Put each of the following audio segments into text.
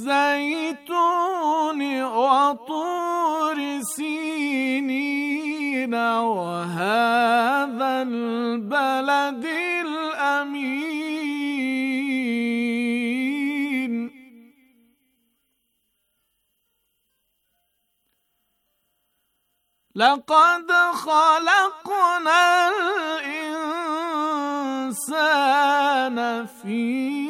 الزيتون وطور سينين وهذا البلد الأمين لقد خلقنا الإنسان في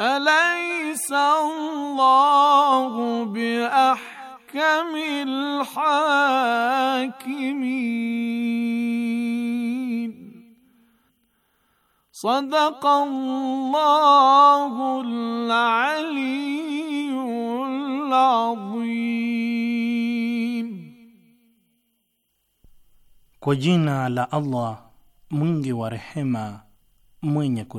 أليس الله بأحكم الحاكمين صدق الله العلي العظيم وجينا على الله منجي ورحمة مين يكو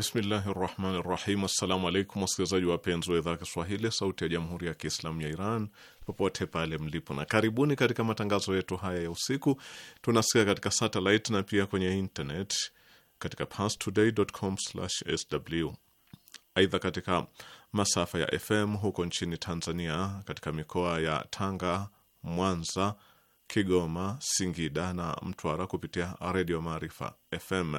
Bismillahi rahmani rahim. Assalamu alaikum wasikilizaji wapenzi wa idhaa Kiswahili sauti ya jamhuri ya Kiislamu ya Iran popote pale mlipo, na karibuni katika matangazo yetu haya ya usiku. Tunasikia katika satelit na pia kwenye internet katika pastodaycom sw Aidha, katika masafa ya FM huko nchini Tanzania, katika mikoa ya Tanga, Mwanza, Kigoma, Singida na Mtwara kupitia redio Maarifa FM.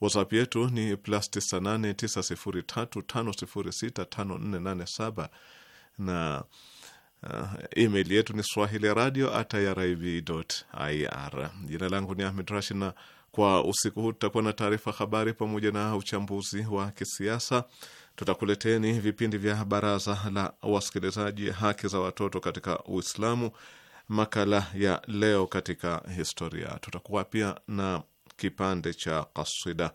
WhatsApp yetu ni plus 989035065487 na uh, email yetu ni swahili radio at irib.ir. Jina langu ni Ahmed Rashid, na kwa usiku huu tutakuwa na taarifa habari pamoja na uchambuzi wa kisiasa. Tutakuleteni vipindi vya baraza la wasikilizaji, haki za watoto katika Uislamu, makala ya leo katika historia. Tutakuwa pia na kipande cha kasida.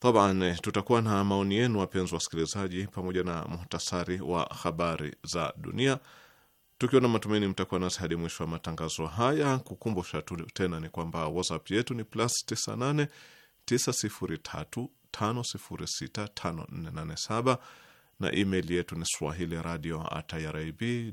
Taban, tutakuwa na maoni yenu wapenzi wasikilizaji, pamoja na muhtasari wa habari za dunia, tukiwa na matumaini mtakuwa nasi hadi mwisho wa matangazo haya. Kukumbusha tu tena ni kwamba WhatsApp yetu ni plus 98 903 506 na email yetu ni swahili radio at irib ir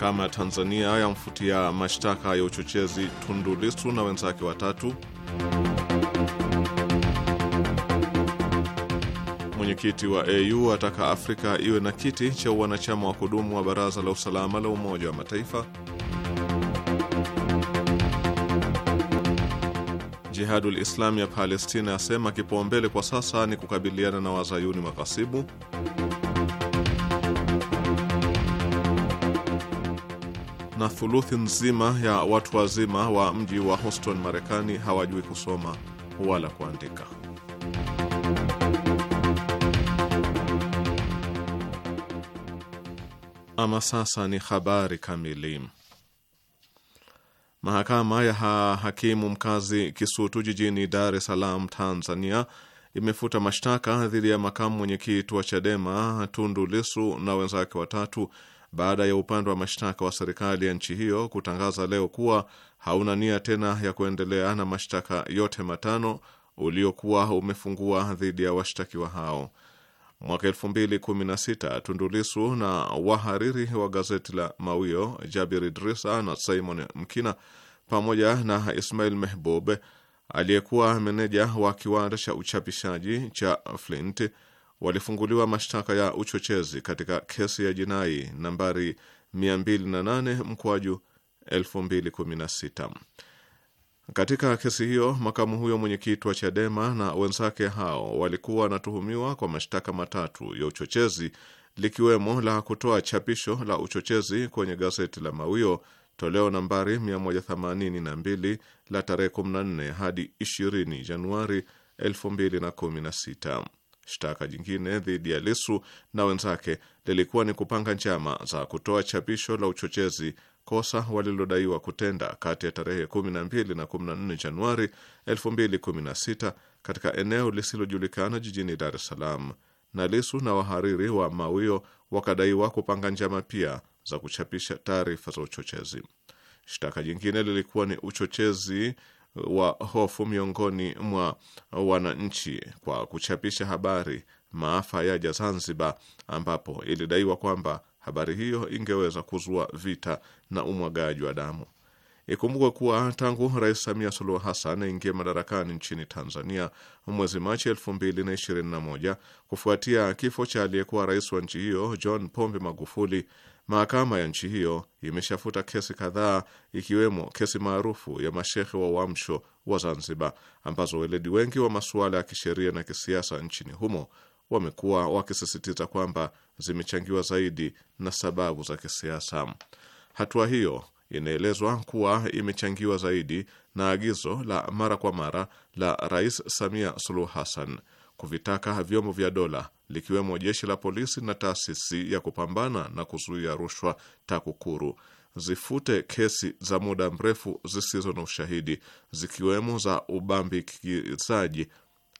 Mahakama ya Tanzania yamfutia mashtaka ya uchochezi Tundu Lissu na wenzake watatu. Mwenyekiti wa AU ataka Afrika iwe na kiti cha wanachama wa kudumu wa Baraza la Usalama la Umoja wa Mataifa. Jihadul islam ya Palestina asema kipaumbele kwa sasa ni kukabiliana na wazayuni maghasibu. na thuluthi nzima ya watu wazima wa mji wa Houston, Marekani hawajui kusoma wala kuandika. Ama sasa ni habari kamili. Mahakama ya hakimu mkazi Kisutu jijini Dar es Salaam, Tanzania imefuta mashtaka dhidi ya makamu mwenyekiti wa Chadema Tundu Lisu na wenzake watatu baada ya upande wa mashtaka wa serikali ya nchi hiyo kutangaza leo kuwa hauna nia tena ya kuendelea na mashtaka yote matano uliokuwa umefungua dhidi ya washtakiwa hao. Mwaka sita Tundulisu na wahariri wa gazeti la Mawio Jabir Idrisa na Simon Mkina pamoja na Ismail Mehbub aliyekuwa meneja wa kiwanda cha uchapishaji cha Flint walifunguliwa mashtaka ya uchochezi katika kesi ya jinai nambari 208 mkwaju 2016. Katika kesi hiyo makamu huyo mwenyekiti wa Chadema na wenzake hao walikuwa wanatuhumiwa kwa mashtaka matatu ya uchochezi, likiwemo la kutoa chapisho la uchochezi kwenye gazeti la Mawio toleo nambari 182 la tarehe 14 hadi 20 Januari 2016. Shtaka jingine dhidi ya Lisu na wenzake lilikuwa ni kupanga njama za kutoa chapisho la uchochezi, kosa walilodaiwa kutenda kati ya tarehe 12 na 14 Januari 2016 katika eneo lisilojulikana jijini Dar es Salaam, na Lisu na wahariri wa Mawio wakadaiwa kupanga njama pia za kuchapisha taarifa za uchochezi. Shtaka jingine lilikuwa ni uchochezi wa hofu miongoni mwa wananchi kwa kuchapisha habari maafa yaja Zanzibar, ambapo ilidaiwa kwamba habari hiyo ingeweza kuzua vita na umwagaji wa damu. Ikumbukwe kuwa tangu Rais Samia Suluhu Hassan aingie madarakani nchini Tanzania mwezi Machi 2021 kufuatia kifo cha aliyekuwa rais wa nchi hiyo John Pombe Magufuli, Mahakama ya nchi hiyo imeshafuta kesi kadhaa ikiwemo kesi maarufu ya mashehe wa Uamsho wa Zanzibar, ambazo weledi wengi wa masuala ya kisheria na kisiasa nchini humo wamekuwa wakisisitiza kwamba zimechangiwa zaidi na sababu za kisiasa. Hatua hiyo inaelezwa kuwa imechangiwa zaidi na agizo la mara kwa mara la Rais Samia Suluhu Hassan kuvitaka vyombo vya dola likiwemo jeshi la polisi na taasisi ya kupambana na kuzuia rushwa TAKUKURU zifute kesi za muda mrefu zisizo na ushahidi zikiwemo za ubambikizaji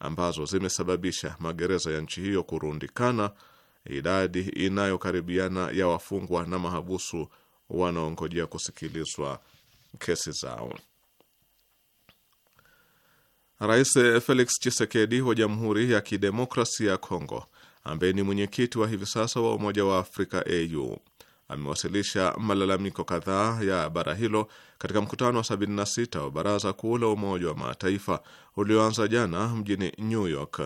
ambazo zimesababisha magereza ya nchi hiyo kurundikana idadi inayokaribiana ya wafungwa na mahabusu wanaongojea kusikilizwa kesi zao. Rais Felix Tshisekedi wa Jamhuri ya Kidemokrasia ya Kongo, ambaye ni mwenyekiti wa hivi sasa wa Umoja wa Afrika AU, amewasilisha malalamiko kadhaa ya bara hilo katika mkutano wa 76 wa Baraza Kuu la Umoja wa Mataifa ulioanza jana mjini New York,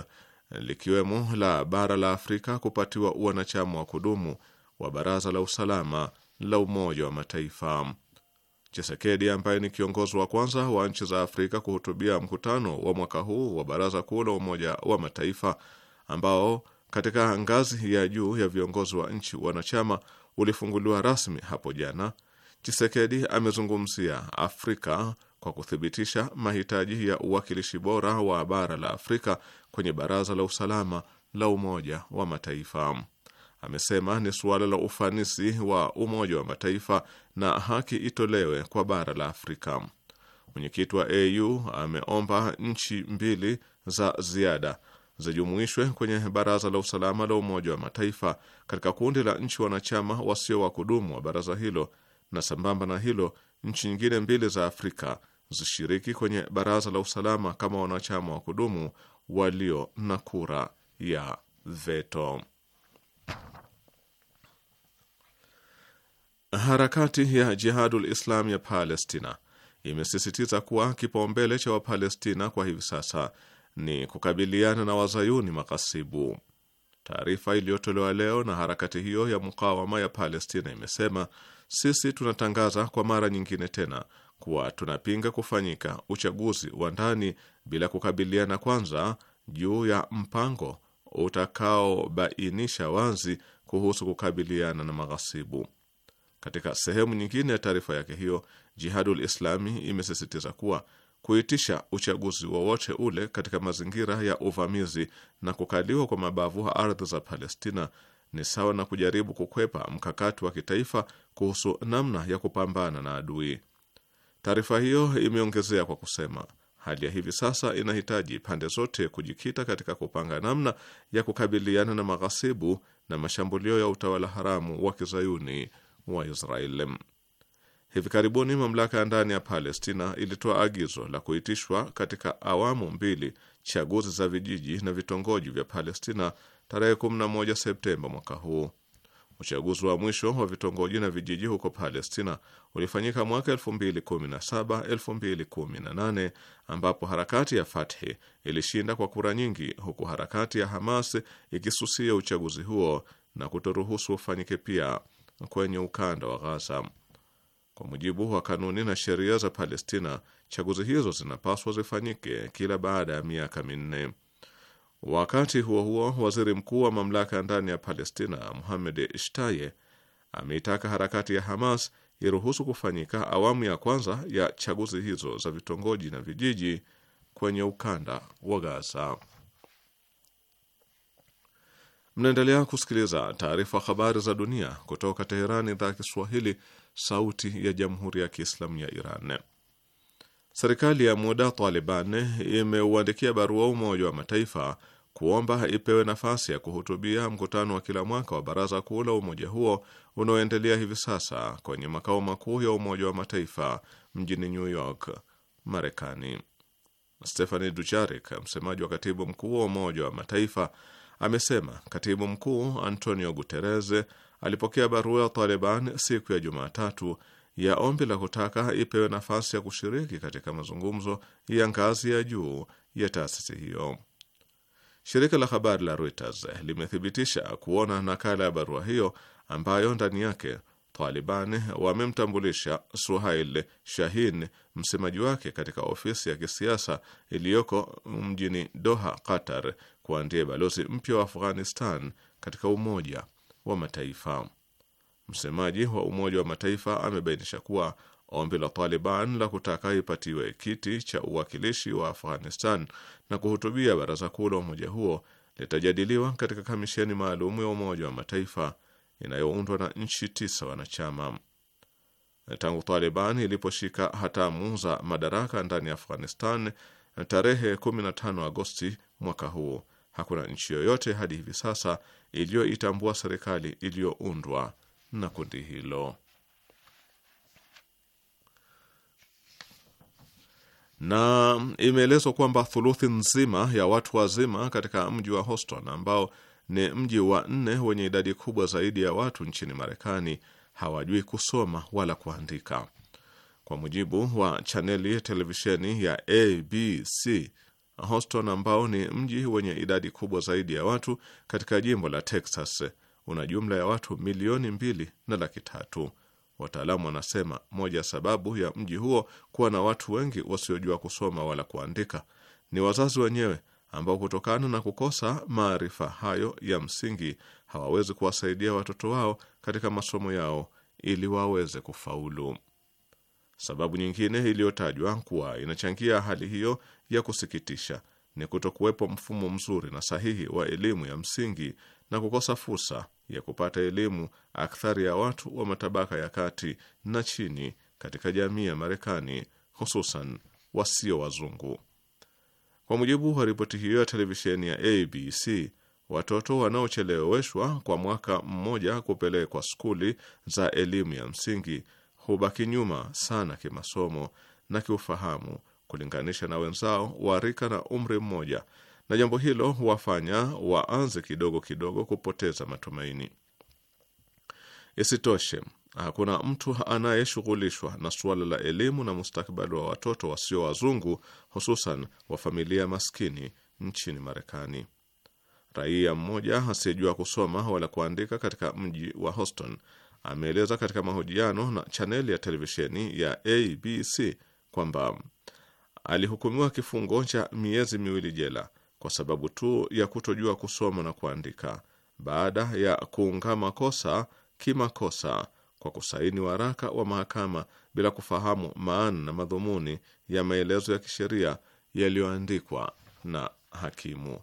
likiwemo la bara la Afrika kupatiwa uanachama wa kudumu wa Baraza la Usalama la Umoja wa Mataifa. Chisekedi ambaye ni kiongozi wa kwanza wa nchi za Afrika kuhutubia mkutano wa mwaka huu wa Baraza Kuu la Umoja wa Mataifa ambao katika ngazi ya juu ya viongozi wa nchi wanachama ulifunguliwa rasmi hapo jana. Chisekedi amezungumzia Afrika kwa kuthibitisha mahitaji ya uwakilishi bora wa bara la Afrika kwenye Baraza la Usalama la Umoja wa Mataifa amesema ni suala la ufanisi wa Umoja wa Mataifa na haki itolewe kwa bara la Afrika. Mwenyekiti wa AU ameomba nchi mbili za ziada zijumuishwe kwenye Baraza la Usalama la Umoja wa Mataifa katika kundi la nchi wanachama wasio wa kudumu wa baraza hilo, na sambamba na hilo nchi nyingine mbili za Afrika zishiriki kwenye Baraza la Usalama kama wanachama wa kudumu walio na kura ya veto. Harakati ya Jihadul Islam ya Palestina imesisitiza kuwa kipaumbele cha Wapalestina kwa hivi sasa ni kukabiliana na wazayuni makasibu. Taarifa iliyotolewa leo na harakati hiyo ya mukawama ya Palestina imesema sisi tunatangaza kwa mara nyingine tena kuwa tunapinga kufanyika uchaguzi wa ndani bila kukabiliana kwanza juu ya mpango utakaobainisha wazi kuhusu kukabiliana na maghasibu. Katika sehemu nyingine ya taarifa yake hiyo, Jihadul Islami imesisitiza kuwa kuitisha uchaguzi wowote ule katika mazingira ya uvamizi na kukaliwa kwa mabavu ardhi za Palestina ni sawa na kujaribu kukwepa mkakati wa kitaifa kuhusu namna ya kupambana na adui. Taarifa hiyo imeongezea kwa kusema, hali ya hivi sasa inahitaji pande zote kujikita katika kupanga namna ya kukabiliana na maghasibu na mashambulio ya utawala haramu wa kizayuni wa Israel. Hivi karibuni mamlaka ya ndani ya Palestina ilitoa agizo la kuitishwa katika awamu mbili chaguzi za vijiji na vitongoji vya Palestina tarehe 11 Septemba mwaka huu. Uchaguzi wa mwisho wa vitongoji na vijiji huko Palestina ulifanyika mwaka 2017 2018, ambapo harakati ya Fathi ilishinda kwa kura nyingi, huku harakati ya Hamas ikisusia uchaguzi huo na kutoruhusu ufanyike pia kwenye ukanda wa Ghaza. Kwa mujibu wa kanuni na sheria za Palestina, chaguzi hizo zinapaswa zifanyike kila baada ya miaka minne. Wakati huo huo, waziri mkuu wa mamlaka ya ndani ya Palestina Mohamed Shtaye ameitaka harakati ya Hamas iruhusu kufanyika awamu ya kwanza ya chaguzi hizo za vitongoji na vijiji kwenye ukanda wa Gaza. Mnaendelea kusikiliza taarifa habari za dunia kutoka Teherani, idhaa ya Kiswahili, sauti ya jamhuri ya kiislamu ya Iran. Serikali ya muda Taliban imeuandikia barua Umoja wa Mataifa kuomba ipewe nafasi ya kuhutubia mkutano wa kila mwaka wa baraza kuu la umoja huo unaoendelea hivi sasa kwenye makao makuu ya Umoja wa Mataifa mjini New York, Marekani. stephani ducharik msemaji wa katibu mkuu wa Umoja wa Mataifa, amesema katibu mkuu Antonio Guterres alipokea barua ya Taliban siku ya Jumatatu ya ombi la kutaka ipewe nafasi ya kushiriki katika mazungumzo ya ngazi ya juu ya taasisi hiyo. Shirika la habari la Reuters limethibitisha kuona nakala ya barua hiyo ambayo ndani yake Taliban wamemtambulisha Suhail Shahin, msemaji wake katika ofisi ya kisiasa iliyoko mjini Doha, Qatar, kuwa ndiye balozi mpya wa Afghanistan katika Umoja wa Mataifa. Msemaji wa Umoja wa Mataifa amebainisha kuwa ombi la Taliban la kutaka ipatiwe kiti cha uwakilishi wa Afghanistan na kuhutubia baraza kuu la umoja huo litajadiliwa katika kamisheni maalum ya Umoja wa Mataifa inayoundwa na nchi tisa wanachama. Tangu Taliban iliposhika hatamu za madaraka ndani ya Afghanistan tarehe 15 Agosti mwaka huu, Hakuna nchi yoyote hadi hivi sasa iliyoitambua serikali iliyoundwa na kundi hilo. Na imeelezwa kwamba thuluthi nzima ya watu wazima katika mji wa Houston ambao ni mji wa nne wenye idadi kubwa zaidi ya watu nchini Marekani hawajui kusoma wala kuandika. Kwa mujibu wa chaneli televisheni ya ABC Houston ambao ni mji wenye idadi kubwa zaidi ya watu katika jimbo la Texas una jumla ya watu milioni mbili na laki tatu. Wataalamu wanasema moja sababu ya mji huo kuwa na watu wengi wasiojua kusoma wala kuandika ni wazazi wenyewe ambao kutokana na kukosa maarifa hayo ya msingi hawawezi kuwasaidia watoto wao katika masomo yao ili waweze kufaulu. Sababu nyingine iliyotajwa kuwa inachangia hali hiyo ya kusikitisha ni kutokuwepo mfumo mzuri na sahihi wa elimu ya msingi na kukosa fursa ya kupata elimu akthari ya watu wa matabaka ya kati na chini katika jamii ya Marekani, hususan wasio wazungu. Kwa mujibu wa ripoti hiyo ya televisheni ya ABC, watoto wanaocheleweshwa kwa mwaka mmoja kupelekwa skuli za elimu ya msingi hubaki nyuma sana kimasomo na kiufahamu kulinganisha na wenzao wa rika na umri mmoja, na jambo hilo huwafanya waanze kidogo kidogo kupoteza matumaini. Isitoshe, hakuna mtu anayeshughulishwa na suala la elimu na mustakabali wa watoto wasio wazungu, hususan wa familia maskini nchini Marekani. Raia mmoja asiyejua kusoma wala kuandika katika mji wa Houston ameeleza katika mahojiano na chaneli ya televisheni ya ABC kwamba alihukumiwa kifungo cha miezi miwili jela kwa sababu tu ya kutojua kusoma na kuandika baada ya kuungama kosa kimakosa kwa kusaini waraka wa mahakama bila kufahamu maana na madhumuni ya maelezo ya kisheria yaliyoandikwa na hakimu.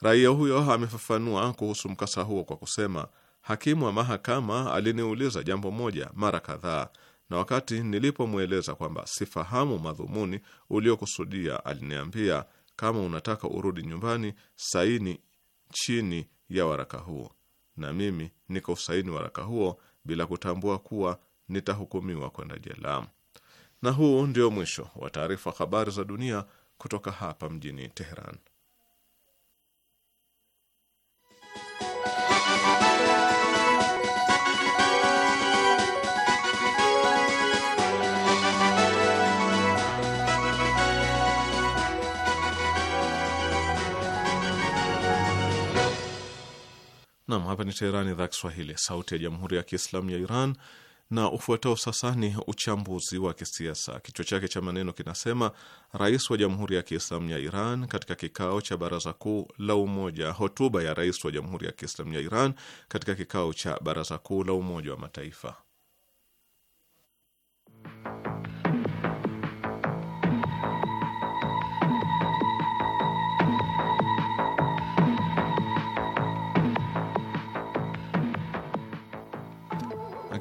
Raia huyo amefafanua kuhusu mkasa huo kwa kusema hakimu wa mahakama aliniuliza jambo moja mara kadhaa, na wakati nilipomweleza kwamba sifahamu madhumuni uliokusudia, aliniambia kama unataka urudi nyumbani, saini chini ya waraka huo, na mimi nikausaini waraka huo bila kutambua kuwa nitahukumiwa kwenda jela. Na huu ndio mwisho wa taarifa habari za dunia kutoka hapa mjini Teheran. Nam, hapa ni Teherani, idhaa Kiswahili, sauti ya jamhuri ya kiislamu ya Iran. Na ufuatao sasa ni uchambuzi wa kisiasa, kichwa chake cha maneno kinasema: Rais wa Jamhuri ya Kiislamu ya Iran katika kikao cha Baraza Kuu la Umoja. Hotuba ya rais wa Jamhuri ya Kiislamu ya Iran katika kikao cha Baraza Kuu la Umoja wa Mataifa.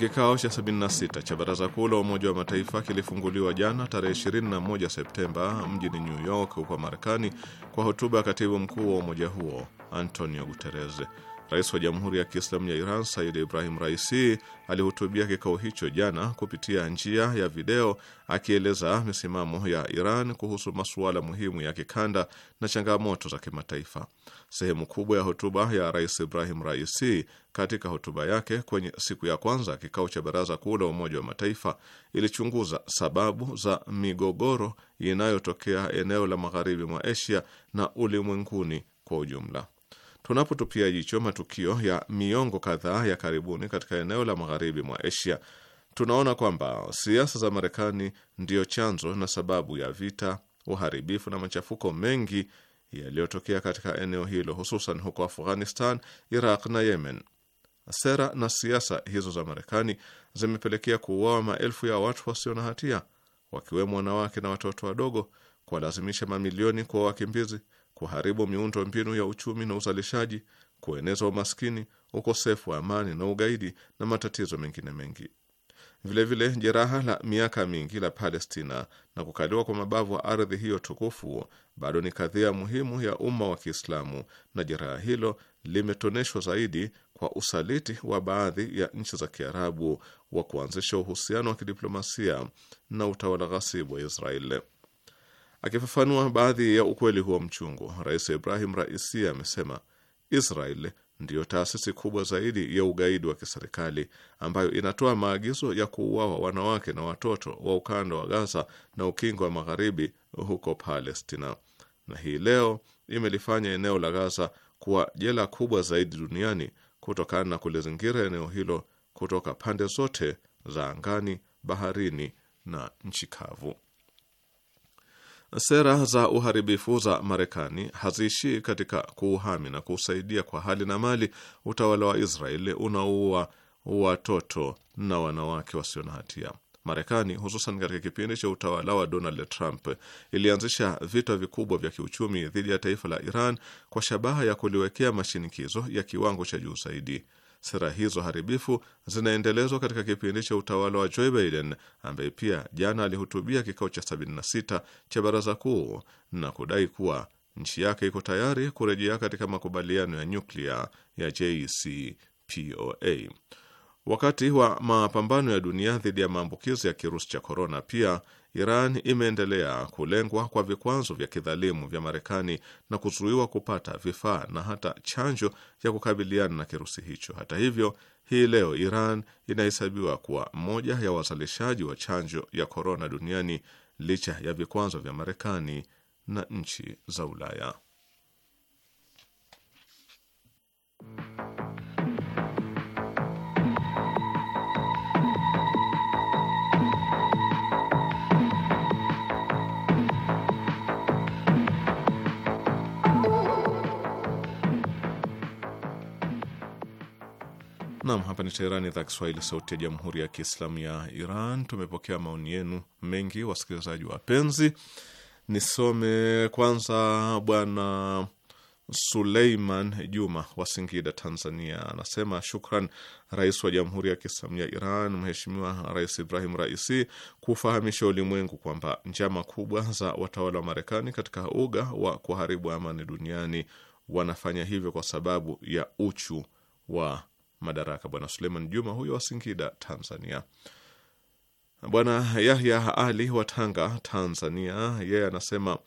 Kikao cha 76 cha Baraza Kuu la Umoja wa Mataifa kilifunguliwa jana tarehe 21 Septemba mjini New York huko Marekani kwa hotuba ya katibu mkuu wa umoja huo Antonio Guterres. Rais wa Jamhuri ya Kiislamu ya Iran Said Ibrahim Raisi alihutubia kikao hicho jana kupitia njia ya video, akieleza misimamo ya Iran kuhusu masuala muhimu ya kikanda na changamoto za kimataifa. Sehemu kubwa ya hotuba ya Rais Ibrahim Raisi katika hotuba yake kwenye siku ya kwanza kikao cha Baraza Kuu la Umoja wa Mataifa ilichunguza sababu za migogoro inayotokea eneo la magharibi mwa Asia na ulimwenguni kwa ujumla tunapotupia jicho matukio ya miongo kadhaa ya karibuni katika eneo la magharibi mwa Asia, tunaona kwamba siasa za Marekani ndiyo chanzo na sababu ya vita, uharibifu na machafuko mengi yaliyotokea katika eneo hilo, hususan huko Afghanistan, Iraq na Yemen. Sera na siasa hizo za Marekani zimepelekea kuuawa maelfu ya watu wasio na hatia, wakiwemo wanawake na watoto wadogo, kuwalazimisha mamilioni kwa wakimbizi kuharibu miundo mbinu ya uchumi na uzalishaji, kueneza umaskini, ukosefu wa amani na ugaidi na matatizo mengine mengi. Vilevile vile, jeraha la miaka mingi la Palestina na kukaliwa kwa mabavu wa ardhi hiyo tukufu bado ni kadhia muhimu ya umma wa Kiislamu, na jeraha hilo limetoneshwa zaidi kwa usaliti wa baadhi ya nchi za Kiarabu wa kuanzisha uhusiano wa kidiplomasia na utawala ghasibu wa Israeli. Akifafanua baadhi ya ukweli huo mchungu, Rais Ibrahim Raisi amesema Israel ndiyo taasisi kubwa zaidi ya ugaidi wa kiserikali ambayo inatoa maagizo ya kuuawa wanawake na watoto wa ukanda wa Gaza na ukingo wa magharibi huko Palestina, na hii leo imelifanya eneo la Gaza kuwa jela kubwa zaidi duniani kutokana na kulizingira eneo hilo kutoka pande zote za angani, baharini na nchi kavu. Sera za uharibifu za Marekani haziishii katika kuuhami na kuusaidia kwa hali na mali utawala wa Israeli unaoua watoto na wanawake wasio na hatia. Marekani hususan katika kipindi cha utawala wa Donald Trump ilianzisha vita vikubwa vya kiuchumi dhidi ya taifa la Iran kwa shabaha ya kuliwekea mashinikizo ya kiwango cha juu zaidi. Sera hizo haribifu zinaendelezwa katika kipindi cha utawala wa Joe Biden ambaye pia jana alihutubia kikao cha 76 cha baraza kuu na kudai kuwa nchi yake iko tayari kurejea katika makubaliano ya nyuklia ya JCPOA. Wakati wa mapambano ya dunia dhidi ya maambukizi ya kirusi cha korona, pia Iran imeendelea kulengwa kwa vikwazo vya kidhalimu vya Marekani na kuzuiwa kupata vifaa na hata chanjo ya kukabiliana na kirusi hicho. Hata hivyo, hii leo Iran inahesabiwa kuwa moja ya wazalishaji wa chanjo ya korona duniani licha ya vikwazo vya Marekani na nchi za Ulaya. Nam, hapa ni Teherani, idhaa Kiswahili, sauti ya jamhuri ya kiislamu ya Iran. Tumepokea maoni yenu mengi, wasikilizaji wapenzi. Nisome kwanza bwana Suleiman Juma wa Singida, Tanzania, anasema shukran rais wa jamhuri ya kiislamu ya Iran, Mheshimiwa Rais Ibrahim Raisi kufahamisha ulimwengu kwamba njama kubwa za watawala wa Marekani katika uga wa kuharibu amani duniani wanafanya hivyo kwa sababu ya uchu wa madaraka bwana Suleiman Juma huyo wa Singida, Tanzania. Bwana Yahya Ali wa Tanga, Tanzania, yeye anasema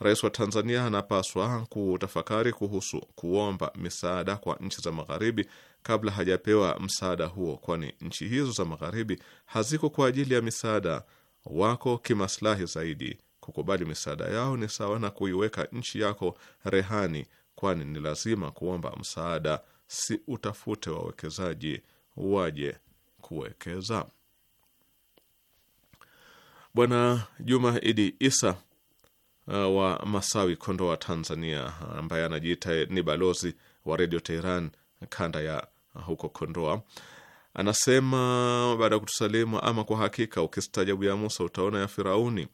rais wa Tanzania anapaswa kutafakari kuhusu kuomba misaada kwa nchi za magharibi kabla hajapewa msaada huo, kwani nchi hizo za magharibi haziko kwa ajili ya misaada, wako kimaslahi zaidi. Kukubali misaada yao ni sawa na kuiweka nchi yako rehani, kwani ni lazima kuomba msaada si utafute wawekezaji waje kuwekeza. Bwana Juma Idi Isa uh, wa Masawi, Kondoa, Tanzania, ambaye anajiita ni balozi wa Redio Teheran kanda ya huko Kondoa, anasema baada ya kutusalimu, ama kwa hakika ukistajabu ya Musa utaona ya Firauni.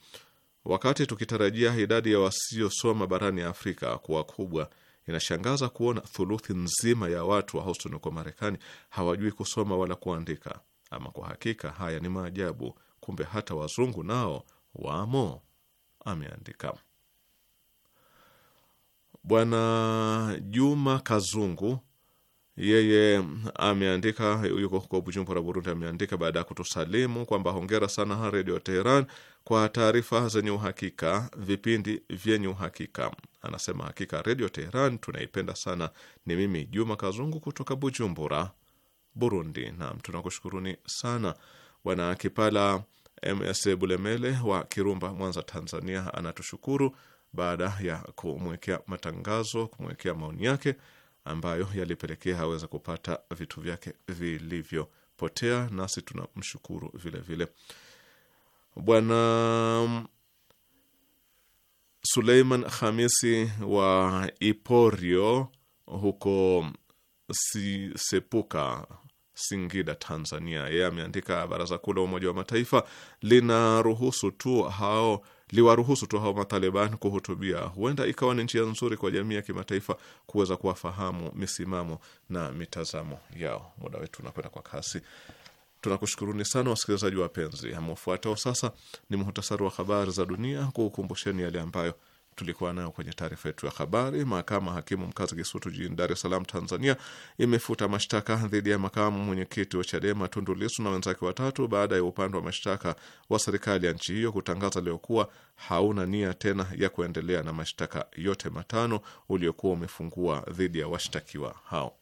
Wakati tukitarajia idadi ya wasiosoma barani Afrika kuwa kubwa Inashangaza kuona thuluthi nzima ya watu wa Houston huko Marekani hawajui kusoma wala kuandika. Ama kwa hakika haya ni maajabu, kumbe hata wazungu nao wamo, ameandika Bwana Juma Kazungu yeye ameandika, yuko huko Bujumbura, Burundi. Ameandika baada ya kutusalimu kwamba hongera sana Redio Teheran kwa taarifa zenye uhakika, vipindi vyenye uhakika. Anasema hakika Redio Teheran tunaipenda sana. Ni mimi Juma Kazungu kutoka Bujumbura, Burundi. Naam, tunakushukuruni sana. Bwana Kipala MS Bulemele wa Kirumba, Mwanza, Tanzania, anatushukuru baada ya kumwekea matangazo, kumwekea maoni yake ambayo yalipelekea aweze kupata vitu vyake vilivyopotea, nasi tunamshukuru vile vile. Bwana Suleiman Hamisi wa Iporio huko si Sepuka Singida, Tanzania. Yeye ameandika, Baraza Kuu la Umoja wa Mataifa linaruhusu tu hao liwaruhusu tu hao Mataliban kuhutubia, huenda ikawa ni njia nzuri kwa jamii ya kimataifa kuweza kuwafahamu misimamo na mitazamo yao. Muda wetu unakwenda kwa kasi. Tunakushukuruni sana wasikilizaji wapenzi. Amefuatao sasa ni muhtasari wa habari za dunia, kuukumbusheni yale ambayo tulikuwa nayo kwenye taarifa yetu ya habari. Mahakama hakimu mkazi Kisutu jijini Dar es Salaam, Tanzania, imefuta mashtaka dhidi ya makamu mwenyekiti wa CHADEMA Tundu Lissu na wenzake watatu baada ya upande wa mashtaka wa serikali ya nchi hiyo kutangaza leo kuwa hauna nia tena ya kuendelea na mashtaka yote matano uliokuwa umefungua dhidi ya washtakiwa hao.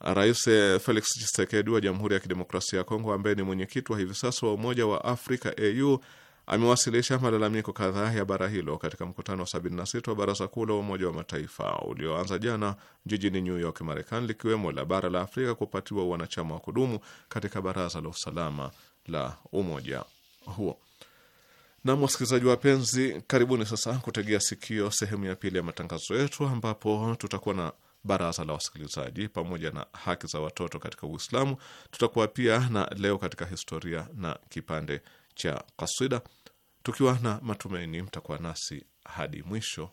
Rais eh, Felix Tshisekedi wa Jamhuri ya Kidemokrasia ya Kongo, ambaye ni mwenyekiti wa hivi sasa wa Umoja wa Afrika AU amewasilisha malalamiko kadhaa ya bara hilo katika mkutano wa 76 wa Baraza Kuu la Umoja wa Mataifa ulioanza jana jijini New York, Marekani, likiwemo la bara la Afrika kupatiwa wanachama wa kudumu katika Baraza la Usalama la umoja huo. Nam, wasikilizaji wapenzi, karibuni sasa kutegea sikio sehemu ya pili ya matangazo yetu, ambapo tutakuwa na baraza la wasikilizaji pamoja na haki za watoto katika Uislamu. Tutakuwa pia na leo katika historia na kipande cha kasida, tukiwa na matumaini mtakuwa nasi hadi mwisho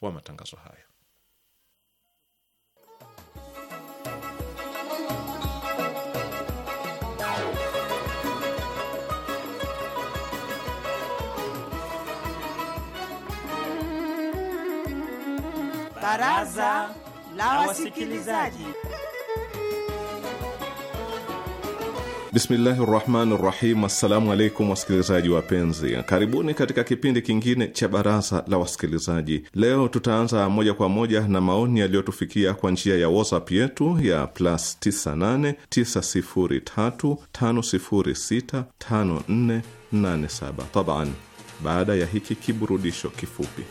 wa matangazo haya. Baraza la Wasikilizaji. Bismillahi rahmani rahim. Assalamu alaikum wasikilizaji wapenzi, karibuni katika kipindi kingine cha baraza la wasikilizaji. Leo tutaanza moja kwa moja na maoni yaliyotufikia kwa njia ya WhatsApp yetu ya plus 98 903 taban, baada ya hiki kiburudisho kifupi.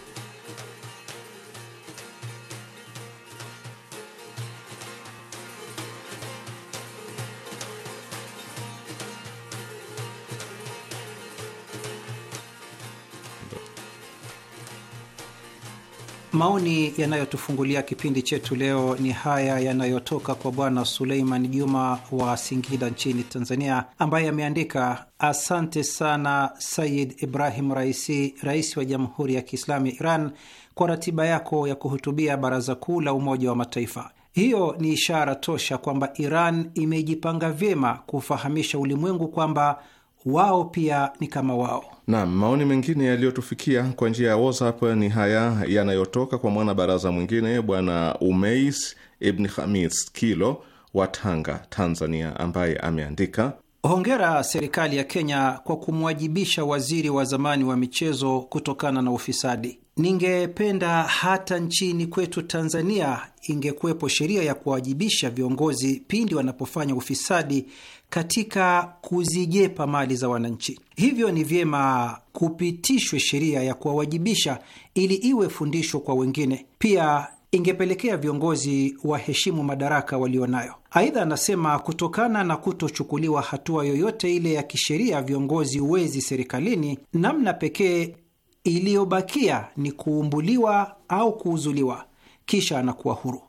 Maoni yanayotufungulia kipindi chetu leo ni haya yanayotoka kwa Bwana Suleiman Juma wa Singida nchini Tanzania, ambaye ameandika: asante sana Sayid Ibrahim Raisi, rais wa Jamhuri ya Kiislamu ya Iran, kwa ratiba yako ya kuhutubia Baraza Kuu la Umoja wa Mataifa. Hiyo ni ishara tosha kwamba Iran imejipanga vyema kufahamisha ulimwengu kwamba wao pia ni kama wao. Naam, maoni mengine yaliyotufikia kwa njia ya WhatsApp ni haya yanayotoka kwa mwanabaraza mwingine Bwana Umeis Ibni Hamis Kilo wa Tanga, Tanzania, ambaye ameandika Hongera serikali ya Kenya kwa kumwajibisha waziri wa zamani wa michezo kutokana na ufisadi. Ningependa hata nchini kwetu Tanzania ingekuwepo sheria ya kuwajibisha viongozi pindi wanapofanya ufisadi katika kuzijepa mali za wananchi. Hivyo ni vyema kupitishwe sheria ya kuwawajibisha ili iwe fundisho kwa wengine. Pia ingepelekea viongozi waheshimu madaraka walionayo. Aidha, anasema kutokana na kutochukuliwa hatua yoyote ile ya kisheria viongozi uwezi serikalini, namna pekee iliyobakia ni kuumbuliwa au kuuzuliwa, kisha anakuwa huru.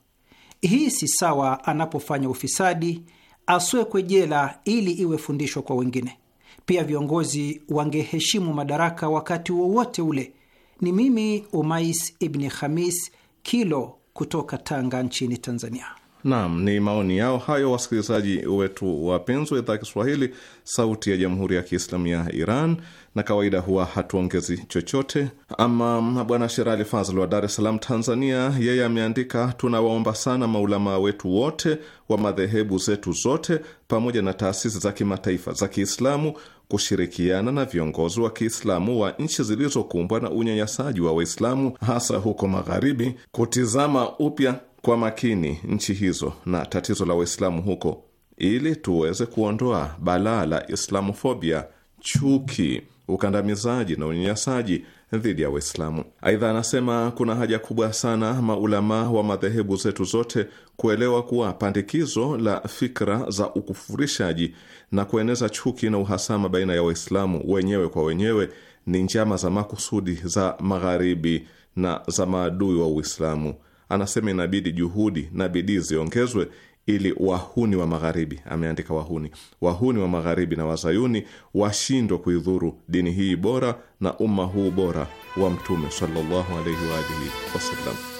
Hii si sawa anapofanya ufisadi aswekwe jela ili iwe fundisho kwa wengine. Pia viongozi wangeheshimu madaraka wakati wowote ule. Ni mimi Umais Ibni Khamis Kilo kutoka Tanga nchini Tanzania. Naam, ni maoni yao hayo wasikilizaji wetu wapenzi wa idhaa Kiswahili sauti ya jamhuri ya Kiislamu ya Iran, na kawaida huwa hatuongezi chochote. Ama bwana Sherali Fazl wa Dar es Salaam, Tanzania, yeye ameandika, tunawaomba sana maulamaa wetu wote wa madhehebu zetu zote pamoja na taasisi za kimataifa za Kiislamu kushirikiana na viongozi wa Kiislamu wa nchi zilizokumbwa na unyanyasaji wa Waislamu hasa huko Magharibi kutizama upya kwa makini nchi hizo na tatizo la Waislamu huko ili tuweze kuondoa balaa la islamofobia, chuki, ukandamizaji na unyanyasaji dhidi ya Waislamu. Aidha, anasema kuna haja kubwa sana maulamaa wa madhehebu zetu zote kuelewa kuwa pandikizo la fikra za ukufurishaji na kueneza chuki na uhasama baina ya Waislamu wenyewe kwa wenyewe ni njama za makusudi za Magharibi na za maadui wa Uislamu anasema inabidi juhudi na bidii ziongezwe ili wahuni wa magharibi, ameandika wahuni, wahuni wa magharibi na wazayuni washindwe kuidhuru dini hii bora na umma huu bora wa Mtume sallallahu alaihi wa alihi wasallam.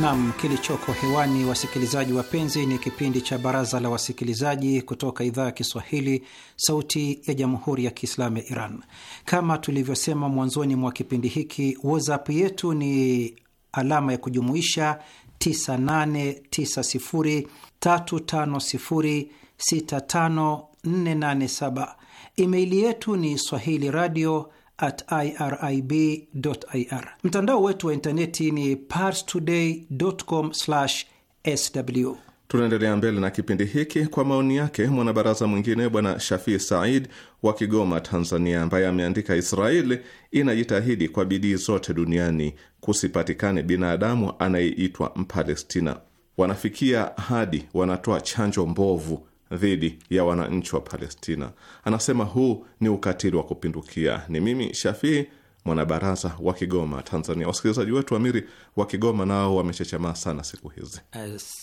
Nam, kilichoko hewani wasikilizaji wapenzi, ni kipindi cha Baraza la Wasikilizaji kutoka idhaa ya Kiswahili, Sauti ya Jamhuri ya Kiislamu ya Iran. Kama tulivyosema mwanzoni mwa kipindi hiki, WhatsApp yetu ni alama ya kujumuisha 989035065487. Imeili yetu ni swahili radio at irib.ir. Mtandao wetu wa intaneti ni parstoday.com/sw. Tunaendelea mbele na kipindi hiki kwa maoni yake mwanabaraza mwingine Bwana Shafii Said wa Kigoma, Tanzania, ambaye ameandika, Israeli inajitahidi kwa bidii zote duniani kusipatikane binadamu anayeitwa Mpalestina. Wanafikia hadi wanatoa chanjo mbovu dhidi ya wananchi wa Palestina. Anasema huu ni ukatili wa kupindukia. Ni mimi Shafii mwanabaraza wa Kigoma, Tanzania. Wasikilizaji wetu Amiri wa Kigoma nao wamechechemaa sana siku hizi.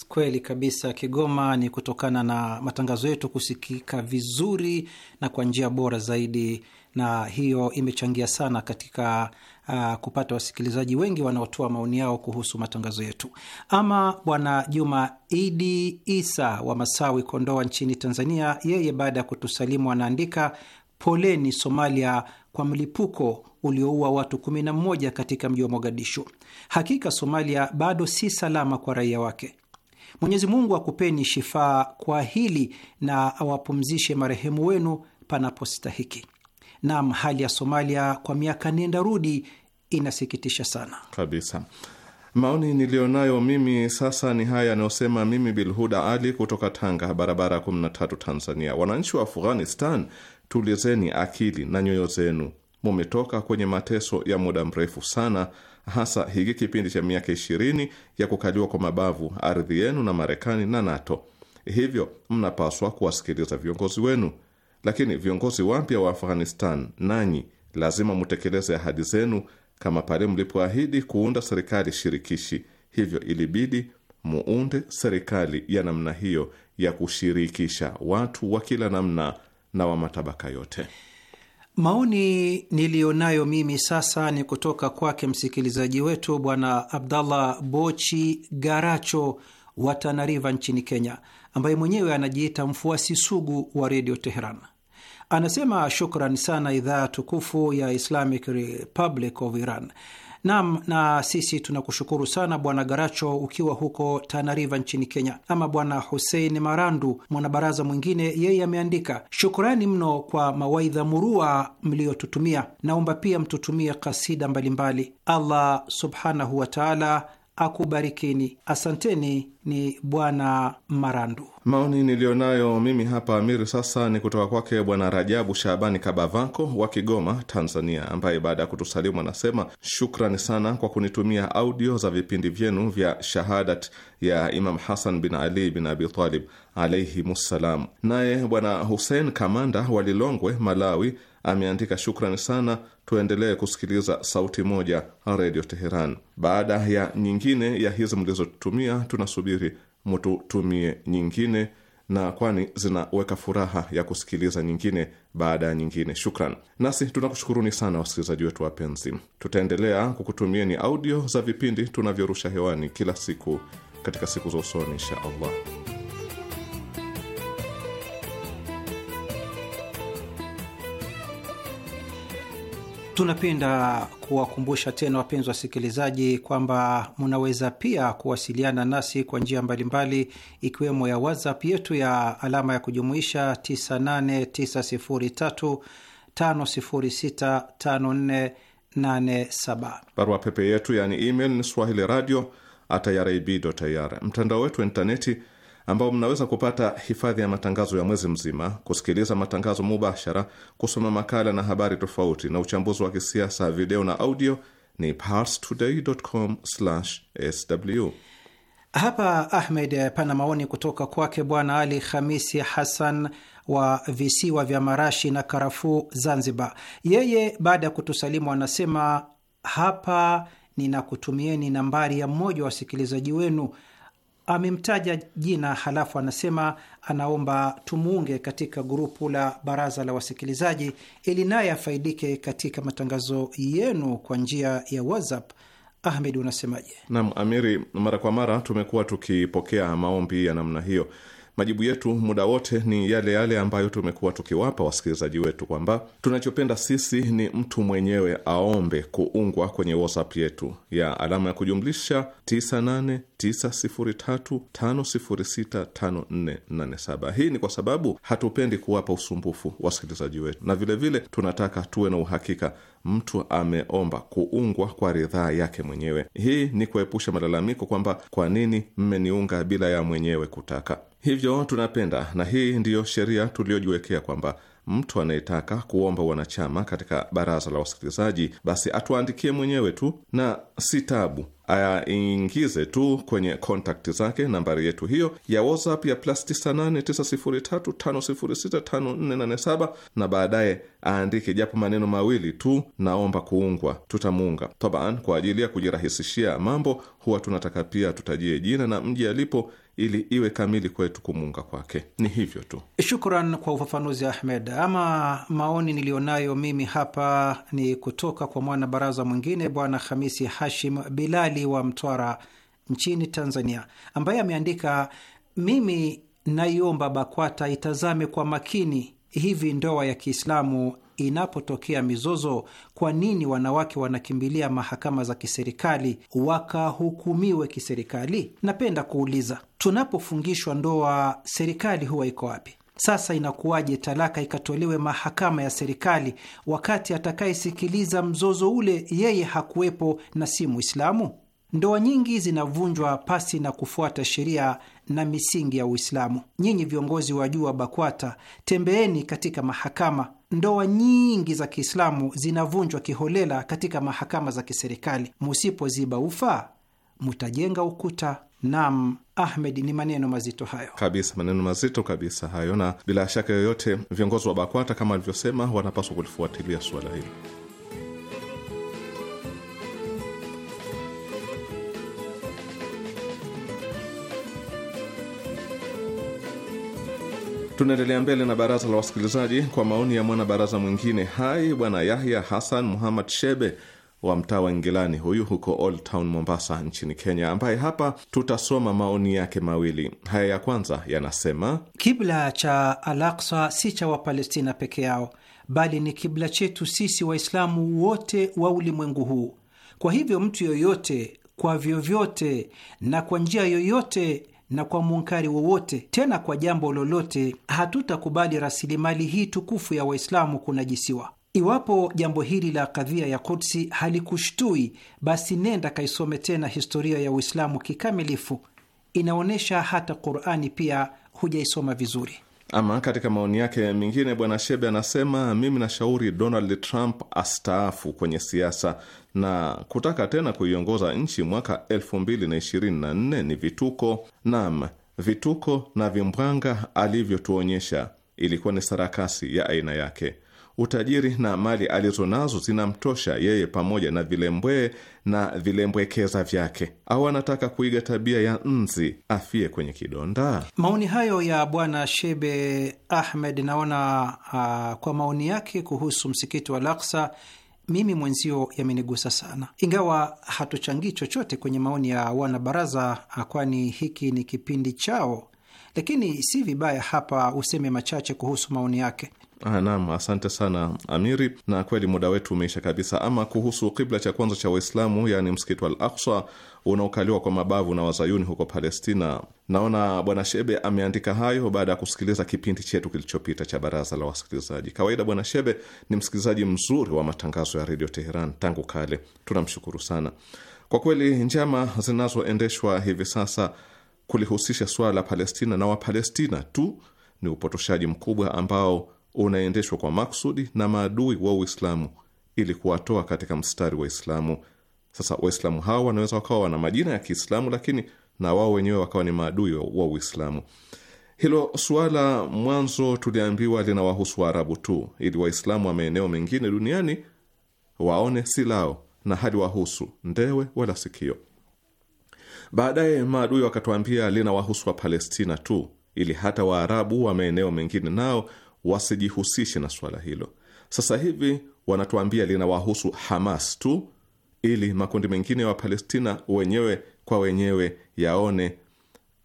Kweli kabisa, Kigoma ni kutokana na matangazo yetu kusikika vizuri na kwa njia bora zaidi, na hiyo imechangia sana katika Uh, kupata wasikilizaji wengi wanaotoa maoni yao kuhusu matangazo yetu. Ama bwana Juma Idi Isa wa Masawi, Kondoa nchini Tanzania, yeye baada ya kutusalimu anaandika poleni Somalia kwa mlipuko ulioua watu 11 katika mji wa Mogadishu. Hakika Somalia bado si salama kwa raia wake. Mwenyezi Mungu akupeni shifaa kwa hili na awapumzishe marehemu wenu panapostahiki. Naam, hali ya Somalia kwa miaka nenda rudi inasikitisha sana kabisa. Maoni niliyonayo mimi sasa ni haya yanayosema mimi Bilhuda Ali kutoka Tanga, barabara 13, Tanzania. Wananchi wa Afghanistan, tulizeni akili na nyoyo zenu mumetoka kwenye mateso ya muda mrefu sana, hasa hiki kipindi cha miaka ishirini ya kukaliwa kwa mabavu ardhi yenu na Marekani na NATO. Hivyo mnapaswa kuwasikiliza viongozi wenu. Lakini viongozi wapya wa Afghanistan, nanyi lazima mutekeleze ahadi zenu kama pale mlipoahidi kuunda serikali shirikishi. Hivyo ilibidi muunde serikali ya namna hiyo ya kushirikisha watu wa kila namna na wa matabaka yote. Maoni niliyonayo mimi sasa ni kutoka kwake msikilizaji wetu Bwana Abdallah Bochi Garacho wa Tanariva nchini Kenya, ambaye mwenyewe anajiita mfuasi sugu wa Redio Teheran. Anasema shukran sana idhaa tukufu ya Islamic Republic of Iran Naam, na sisi tunakushukuru sana Bwana Garacho ukiwa huko Tanariva nchini Kenya. Ama Bwana Husein Marandu, mwanabaraza mwingine, yeye ameandika shukrani mno kwa mawaidha murua mliyotutumia. Naomba pia mtutumie kasida mbalimbali. Allah subhanahu wataala akubarikini. Asanteni, ni Bwana Marandu. Maoni niliyonayo mimi hapa Amiri sasa ni kutoka kwake Bwana Rajabu Shabani Kabavanko wa Kigoma, Tanzania, ambaye baada ya kutusalimu anasema shukrani sana kwa kunitumia audio za vipindi vyenu vya shahadat ya Imam Hasan bin Ali bin Abitalib alaihimussalam. Naye Bwana Husein Kamanda wa Lilongwe, Malawi ameandika shukrani sana, tuendelee kusikiliza sauti moja redio Teheran. Baada ya nyingine ya hizi mlizotumia, tunasubiri mututumie nyingine, na kwani zinaweka furaha ya kusikiliza nyingine baada ya nyingine. Shukran. Nasi tunakushukuruni sana wasikilizaji wetu wapenzi, tutaendelea kukutumieni audio za vipindi tunavyorusha hewani kila siku katika siku za usoni, insha Allah. Tunapenda kuwakumbusha tena wapenzi wasikilizaji kwamba mnaweza pia kuwasiliana nasi kwa njia mbalimbali, ikiwemo ya WhatsApp yetu ya alama ya kujumuisha 989035065487, barua pepe yetu yaani email ni swahili radio at irib.ir. Mtandao wetu wa intaneti ambao mnaweza kupata hifadhi ya matangazo ya mwezi mzima, kusikiliza matangazo mubashara, kusoma makala na habari tofauti na uchambuzi wa kisiasa, video na audio ni parstoday.com/sw. Hapa Ahmed, pana maoni kutoka kwake Bwana Ali Khamisi Hassan wa visiwa vya marashi na karafuu Zanzibar. Yeye baada ya kutusalimu anasema hapa ninakutumieni nambari ya mmoja wa wasikilizaji wenu amemtaja jina halafu anasema anaomba tumuunge katika grupu la baraza la wasikilizaji ili naye afaidike katika matangazo yenu kwa njia ya WhatsApp. Ahmed, unasemaje? Naam Amiri, mara kwa mara tumekuwa tukipokea maombi ya namna hiyo Majibu yetu muda wote ni yale yale ambayo tumekuwa tukiwapa wasikilizaji wetu kwamba tunachopenda sisi ni mtu mwenyewe aombe kuungwa kwenye WhatsApp yetu ya alama ya kujumlisha 989035065487. Hii ni kwa sababu hatupendi kuwapa usumbufu wasikilizaji wetu, na vilevile vile tunataka tuwe na uhakika mtu ameomba kuungwa kwa ridhaa yake mwenyewe. Hii ni kuepusha malalamiko kwamba kwa nini mmeniunga bila ya mwenyewe kutaka. Hivyo tunapenda na hii ndiyo sheria tuliyojiwekea kwamba mtu anayetaka kuomba wanachama katika baraza la wasikilizaji basi atuandikie mwenyewe tu na si tabu, ayaingize tu kwenye kontakti zake nambari yetu hiyo ya WhatsApp ya plus 989035065487 na baadaye aandike japo maneno mawili tu, naomba kuungwa. Tutamuunga tabaan. Kwa ajili ya kujirahisishia mambo, huwa tunataka pia tutajie jina na mji alipo ili iwe kamili kwetu kumuunga kwake. Ni hivyo tu. Shukran kwa ufafanuzi Ahmed. Ama maoni niliyonayo mimi hapa ni kutoka kwa mwanabaraza mwingine Bwana Hamisi Hashim Bilali wa Mtwara nchini Tanzania, ambaye ameandika mimi naiomba BAKWATA itazame kwa makini hivi ndoa ya Kiislamu inapotokea mizozo, kwa nini wanawake wanakimbilia mahakama za kiserikali wakahukumiwe kiserikali? Napenda kuuliza, tunapofungishwa ndoa, serikali huwa iko wapi? Sasa inakuwaje talaka ikatolewe mahakama ya serikali, wakati atakayesikiliza mzozo ule yeye hakuwepo na si Muislamu? Ndoa nyingi zinavunjwa pasi na kufuata sheria na misingi ya Uislamu. Nyinyi viongozi wa juu wa BAKWATA, tembeeni katika mahakama ndoa nyingi za Kiislamu zinavunjwa kiholela katika mahakama za kiserikali. Musipoziba ufa mutajenga ukuta. Naam, Ahmed, ni maneno mazito hayo kabisa, maneno mazito kabisa hayo, na bila shaka yoyote viongozi wa BAKWATA kama alivyosema, wanapaswa kulifuatilia suala hili. Tunaendelea mbele na baraza la wasikilizaji kwa maoni ya mwanabaraza mwingine hai, bwana Yahya Hasan Muhammad Shebe wa mtaa wa Ingilani, huyu huko Old Town Mombasa nchini Kenya, ambaye hapa tutasoma maoni yake mawili. Haya ya kwanza yanasema, kibla cha Al-Aqsa si cha Wapalestina peke yao, bali ni kibla chetu sisi Waislamu wote wa ulimwengu huu. Kwa hivyo mtu yoyote, kwa vyovyote na kwa njia yoyote na kwa munkari wowote, tena kwa jambo lolote. Hatutakubali rasilimali hii tukufu ya Waislamu kunajisiwa. Iwapo jambo hili la kadhia ya Kudsi halikushtui, basi nenda kaisome tena historia ya Uislamu kikamilifu. Inaonyesha hata Qurani pia hujaisoma vizuri. Ama katika maoni yake mengine, bwana Shebe anasema mimi nashauri Donald Trump astaafu kwenye siasa na kutaka tena kuiongoza nchi mwaka 224 ni vituko. Naam, vituko na vimbwanga alivyotuonyesha ilikuwa ni sarakasi ya aina yake utajiri na mali alizonazo zinamtosha yeye pamoja na vilembwee na vilembwekeza vyake, au anataka kuiga tabia ya nzi afie kwenye kidonda? Maoni hayo ya Bwana Shebe Ahmed naona uh, kwa maoni yake kuhusu msikiti wa Laksa mimi mwenzio yamenigusa sana, ingawa hatuchangii chochote kwenye maoni ya wanabaraza, ah, kwani hiki ni kipindi chao, lakini si vibaya hapa useme machache kuhusu maoni yake. Ah, naam, asante sana Amiri, na kweli muda wetu umeisha kabisa. Ama kuhusu kibla cha kwanza cha Waislamu, yaani msikiti Al Aqsa unaokaliwa kwa mabavu na wazayuni huko Palestina, naona Bwana Shebe ameandika hayo baada ya kusikiliza kipindi chetu kilichopita cha baraza la wasikilizaji. Kawaida Bwana Shebe ni msikilizaji mzuri wa matangazo ya redio Teheran tangu kale, tunamshukuru sana kwa kweli. Njama zinazoendeshwa hivi sasa kulihusisha suala la Palestina na Wapalestina tu ni upotoshaji mkubwa ambao unaendeshwa kwa maksudi na maadui wa Uislamu ili kuwatoa katika mstari wa Islamu. Sasa Waislamu hao wanaweza wakawa wana majina ya Kiislamu, lakini na wao wenyewe wakawa ni maadui wa Uislamu. Hilo suala mwanzo tuliambiwa linawahusu Waarabu tu, ili Waislamu wa maeneo mengine duniani waone si lao na hali wahusu ndewe wala sikio. Baadaye maadui wakatuambia linawahusu Wapalestina tu, ili hata Waarabu wa maeneo mengine nao wasijihusishe na suala hilo. Sasa hivi wanatuambia linawahusu Hamas tu ili makundi mengine ya wa Wapalestina wenyewe kwa wenyewe yaone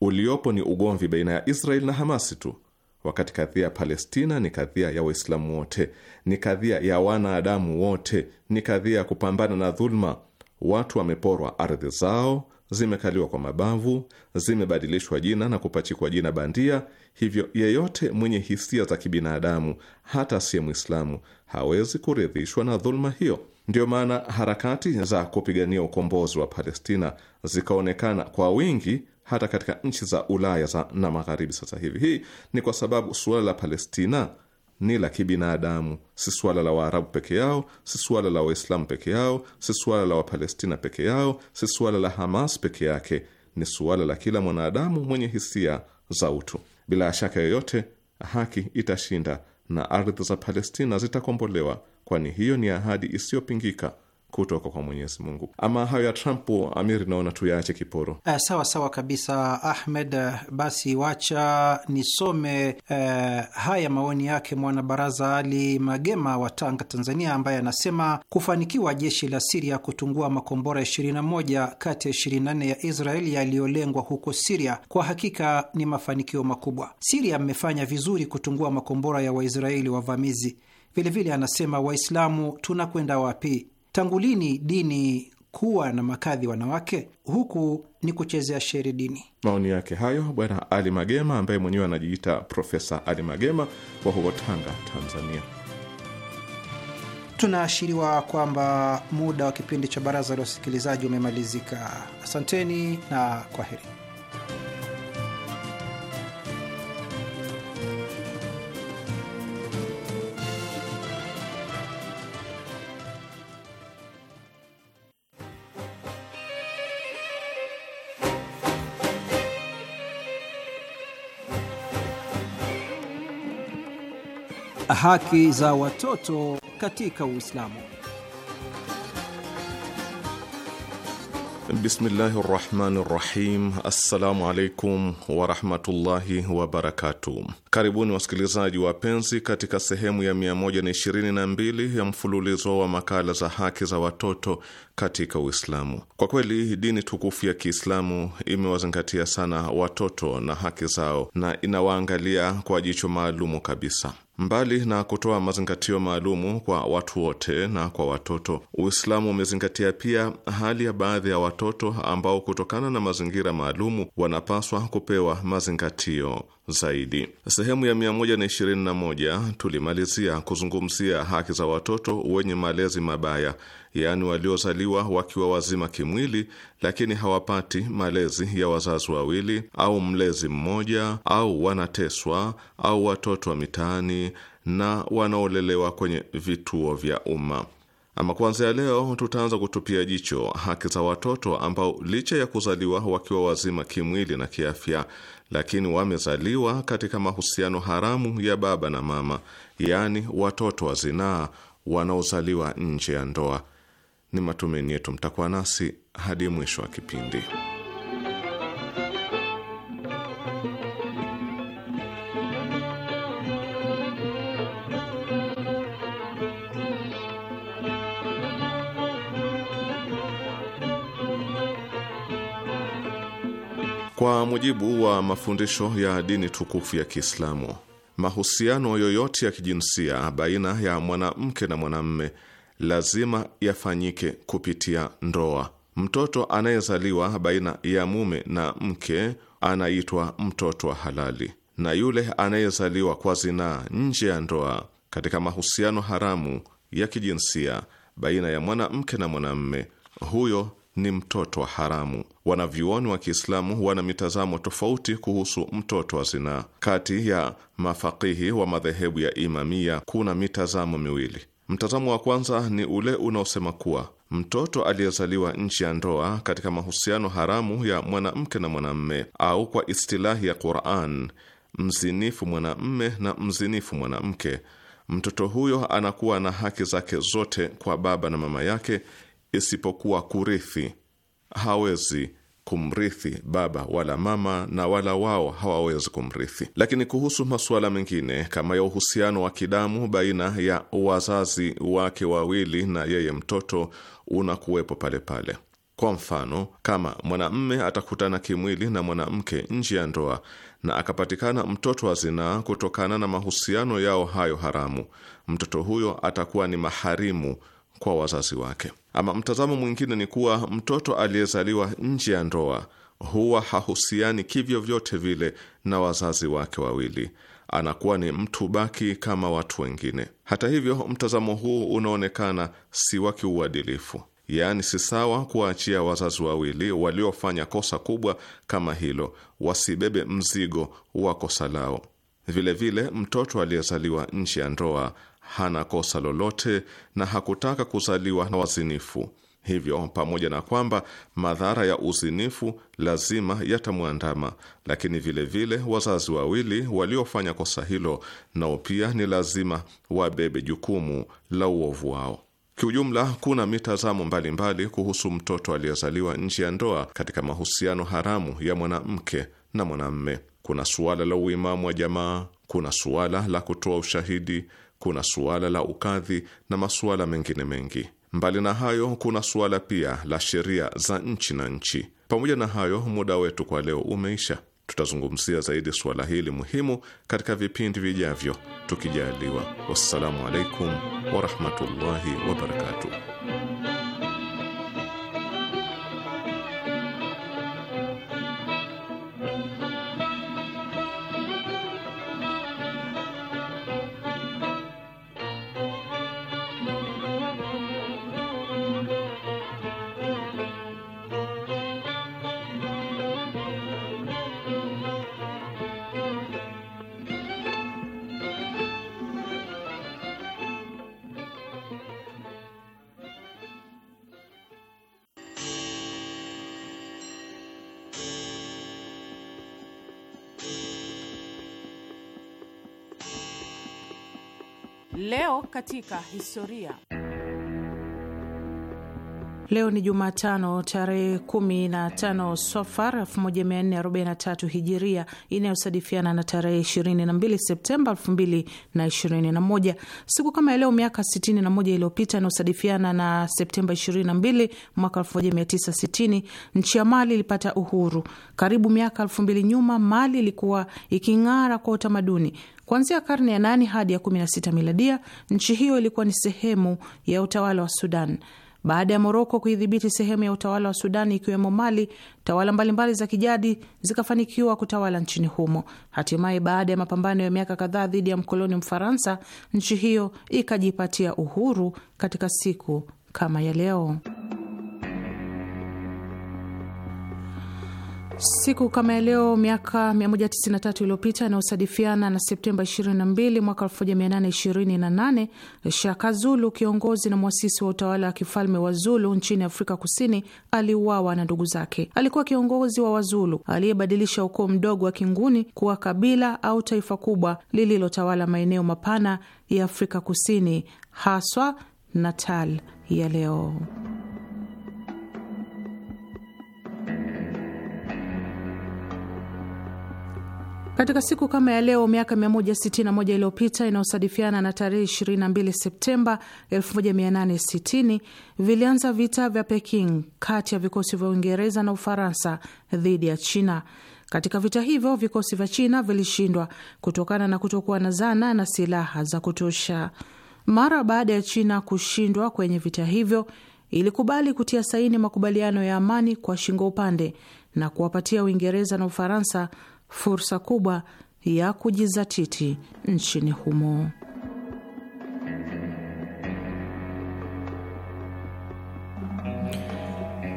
uliopo ni ugomvi baina ya Israel na Hamasi tu, wakati kadhia ya Palestina ni kadhia ya Waislamu wote, ni kadhia ya wanadamu wote, ni kadhia ya kupambana na dhuluma. Watu wameporwa ardhi zao zimekaliwa kwa mabavu, zimebadilishwa jina na kupachikwa jina bandia. Hivyo yeyote mwenye hisia za kibinadamu, hata asiye Mwislamu, hawezi kuridhishwa na dhuluma hiyo. Ndiyo maana harakati za kupigania ukombozi wa Palestina zikaonekana kwa wingi hata katika nchi za Ulaya za na Magharibi sasa hivi. Hii ni kwa sababu suala la Palestina ni la kibinadamu, si suala la Waarabu peke yao, si suala la Waislamu peke yao, si suala la Wapalestina peke yao, si suala la Hamas peke yake, ni suala la kila mwanadamu mwenye hisia za utu. Bila shaka yoyote, haki itashinda na ardhi za Palestina zitakombolewa, kwani hiyo ni ahadi isiyopingika kutoka kwa Mwenyezi Mungu. Ama hayo ya Trump, Amiri, naona tu yaache kiporo. Eh, sawa sawa kabisa Ahmed. Basi wacha nisome eh, haya maoni yake mwanabaraza Ali Magema wa Tanga, Tanzania, ambaye anasema kufanikiwa jeshi la Siria kutungua makombora 21 kati ya 24 ya Israeli yaliyolengwa huko Siria kwa hakika ni mafanikio makubwa. Siria mmefanya vizuri kutungua makombora ya Waisraeli wavamizi. Vilevile anasema Waislamu tunakwenda wapi? Tangu lini dini kuwa na makadhi wanawake? Huku ni kuchezea shere dini. Maoni yake hayo Bwana Ali Magema, ambaye mwenyewe anajiita Profesa Ali Magema wa huko Tanga, Tanzania. Tunaashiriwa kwamba muda wa kipindi cha Baraza la Wasikilizaji umemalizika. Asanteni na kwaheri. haki za watoto katika Uislamu. Bismillahi rahmani rahim. Assalamu alaikum warahmatullahi wabarakatuh. Karibuni wasikilizaji wapenzi, katika sehemu ya 122 ya mfululizo wa makala za haki za watoto katika Uislamu. Kwa kweli dini tukufu ya Kiislamu imewazingatia sana watoto na haki zao na inawaangalia kwa jicho maalumu kabisa. Mbali na kutoa mazingatio maalumu kwa watu wote na kwa watoto, Uislamu umezingatia pia hali ya baadhi ya watoto ambao kutokana na mazingira maalumu wanapaswa kupewa mazingatio zaidi. Sehemu ya 121 tulimalizia kuzungumzia haki za watoto wenye malezi mabaya yaani waliozaliwa wakiwa wazima kimwili, lakini hawapati malezi ya wazazi wawili au mlezi mmoja, au wanateswa au watoto wa mitaani na wanaolelewa kwenye vituo vya umma. Ama kuanzia leo tutaanza kutupia jicho haki za watoto ambao licha ya kuzaliwa wakiwa wazima kimwili na kiafya, lakini wamezaliwa katika mahusiano haramu ya baba na mama, yaani watoto wa zinaa wanaozaliwa nje ya ndoa. Ni matumaini yetu mtakuwa nasi hadi mwisho wa kipindi. Kwa mujibu wa mafundisho ya dini tukufu ya Kiislamu, mahusiano yoyote ya kijinsia baina ya mwanamke na mwanamme lazima yafanyike kupitia ndoa. Mtoto anayezaliwa baina ya mume na mke anaitwa mtoto wa halali, na yule anayezaliwa kwa zinaa nje ya ndoa, katika mahusiano haramu ya kijinsia baina ya mwanamke na mwanamme, huyo ni mtoto wa haramu. Wanavyuoni wa Kiislamu wana mitazamo tofauti kuhusu mtoto wa zinaa. Kati ya mafakihi wa madhehebu ya Imamia kuna mitazamo miwili. Mtazamo wa kwanza ni ule unaosema kuwa mtoto aliyezaliwa nchi ya ndoa katika mahusiano haramu ya mwanamke na mwanamme, au kwa istilahi ya Qur'an, mzinifu mwanamme na mzinifu mwanamke, mtoto huyo anakuwa na haki zake zote kwa baba na mama yake isipokuwa kurithi. Hawezi kumrithi baba wala mama, na wala wao hawawezi kumrithi. Lakini kuhusu masuala mengine kama ya uhusiano wa kidamu baina ya wazazi wake wawili na yeye mtoto unakuwepo pale pale. Kwa mfano, kama mwanamme atakutana kimwili na mwanamke nje ya ndoa na akapatikana mtoto wa zinaa kutokana na mahusiano yao hayo haramu, mtoto huyo atakuwa ni maharimu kwa wazazi wake. Ama mtazamo mwingine ni kuwa mtoto aliyezaliwa nje ya ndoa huwa hahusiani kivyo vyote vile na wazazi wake wawili, anakuwa ni mtu baki kama watu wengine. Hata hivyo, mtazamo huu unaonekana si wa kiuadilifu, yaani si sawa kuwaachia wazazi wawili waliofanya kosa kubwa kama hilo wasibebe mzigo wa kosa lao. Vilevile, mtoto aliyezaliwa nje ya ndoa hana kosa lolote na hakutaka kuzaliwa na wazinifu. Hivyo, pamoja na kwamba madhara ya uzinifu lazima yatamwandama, lakini vilevile vile, wazazi wawili waliofanya kosa hilo nao pia ni lazima wabebe jukumu la uovu wao. Kiujumla, kuna mitazamo mbalimbali kuhusu mtoto aliyezaliwa nje ya ndoa katika mahusiano haramu ya mwanamke na mwanamme. Kuna suala la uimamu wa jamaa, kuna suala la kutoa ushahidi kuna suala la ukadhi na masuala mengine mengi. Mbali na hayo, kuna suala pia la sheria za nchi na nchi. Pamoja na hayo, muda wetu kwa leo umeisha. Tutazungumzia zaidi suala hili muhimu katika vipindi vijavyo tukijaliwa. Wassalamu alaikum warahmatullahi wabarakatuh. historia. Leo ni Jumatano tarehe kumi na tano Sofar 1443 Hijiria inayosadifiana na tarehe 22 Septemba 2021. Siku kama leo miaka 61 iliyopita inayosadifiana na Septemba 22 mwaka 1960, nchi ya Mali ilipata uhuru. Karibu miaka 2000 nyuma, Mali ilikuwa iking'ara kwa utamaduni Kuanzia karne ya nane hadi ya 16 miladia, nchi hiyo ilikuwa ni sehemu ya utawala wa Sudan. Baada ya Moroko kuidhibiti sehemu ya utawala wa Sudani ikiwemo Mali, tawala mbalimbali za kijadi zikafanikiwa kutawala nchini humo. Hatimaye, baada ya mapambano ya miaka kadhaa dhidi ya mkoloni Mfaransa, nchi hiyo ikajipatia uhuru katika siku kama ya leo. Siku kama ya leo miaka 193 iliyopita inayosadifiana na Septemba 22 mwaka 1828, Shaka Zulu, kiongozi na mwasisi wa utawala wa kifalme wa Zulu nchini Afrika Kusini, aliuawa na ndugu zake. Alikuwa kiongozi wa Wazulu aliyebadilisha ukoo mdogo wa Kinguni kuwa kabila au taifa kubwa lililotawala maeneo mapana ya Afrika Kusini, haswa Natal ya leo. Katika siku kama ya leo miaka 161 iliyopita inayosadifiana na tarehe 22 Septemba 1860 vilianza vita vya Peking kati ya vikosi vya Uingereza na Ufaransa dhidi ya China. Katika vita hivyo vikosi vya China vilishindwa kutokana na kutokuwa na zana na silaha za kutosha. Mara baada ya China kushindwa kwenye vita hivyo, ilikubali kutia saini makubaliano ya amani kwa shingo upande na kuwapatia Uingereza na Ufaransa fursa kubwa ya kujizatiti nchini humo.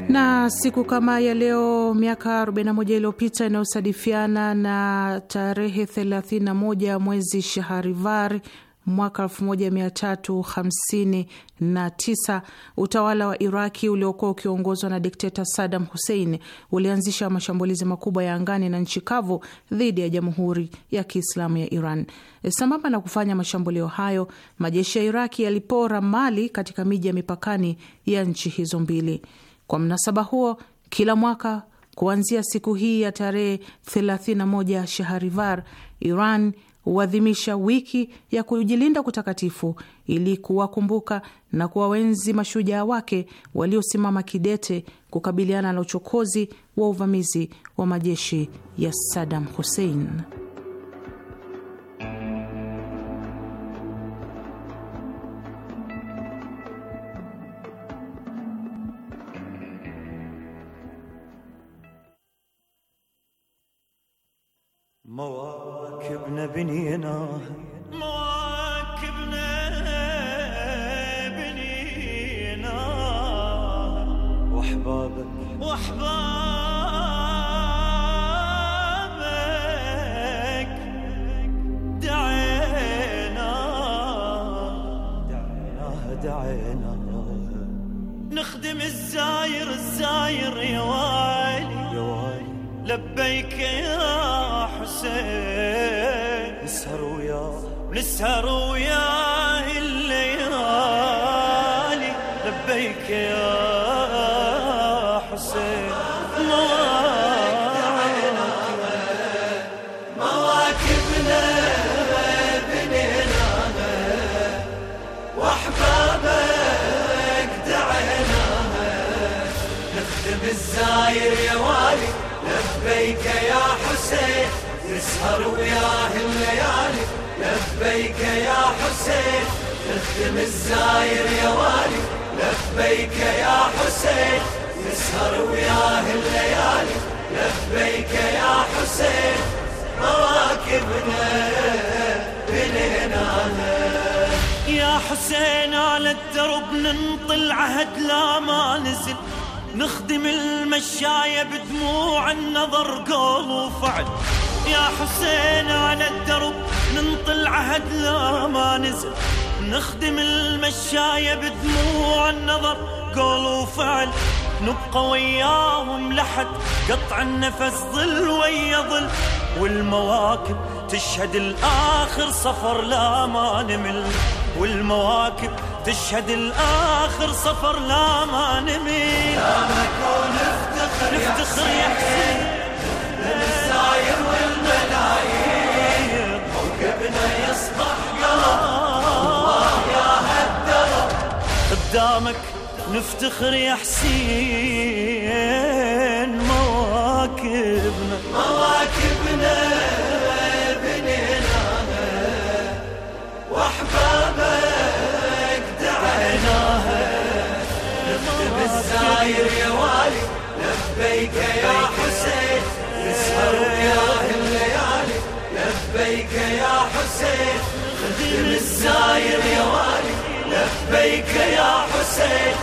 na siku kama ya leo miaka 41 iliyopita inayosadifiana na tarehe 31 mwezi Shaharivar mwaka 1359 utawala wa Iraki uliokuwa ukiongozwa na dikteta sadam Hussein ulianzisha mashambulizi makubwa ya angani na nchi kavu dhidi ya Jamhuri ya Kiislamu ya Iran. Sambamba na kufanya mashambulio hayo, majeshi ya Iraki yalipora mali katika miji ya mipakani ya nchi hizo mbili. Kwa mnasaba huo, kila mwaka kuanzia siku hii ya tarehe 31 shaharivar Iran huadhimisha wiki ya kujilinda kutakatifu ili kuwakumbuka na kuwaenzi mashujaa wake waliosimama kidete kukabiliana na uchokozi wa uvamizi wa majeshi ya Saddam Hussein. ترون لبيك يا حسين نخدم الزاير يا والي لبيك يا حسين نسهر وياه الليالي لبيك يا حسين مواكبنا بليناها يا حسين على الدرب ننطي العهد لا ما نزل نخدم المشاية بدموع النظر قول وفعل يا حسين على الدرب ننطل عهد لا ما نزل نخدم المشاية بدموع النظر قول وفعل نبقى وياهم لحد قطع النفس ظل ويا ظل والمواكب تشهد الآخر صفر لا ما نمل والمواكب تشهد الآخر صفر لا ما نمل لا نكون نفتخر نفتخر يا حسين قدامك نفتخر يا حسين مواكبنا مواكبنا بنيناها واحبابك دعيناها نختم الساير يا والي لبيك يا حسين نسهر وياه الليالي لبيك يا حسين نختم الساير يا والي لبيك يا حسين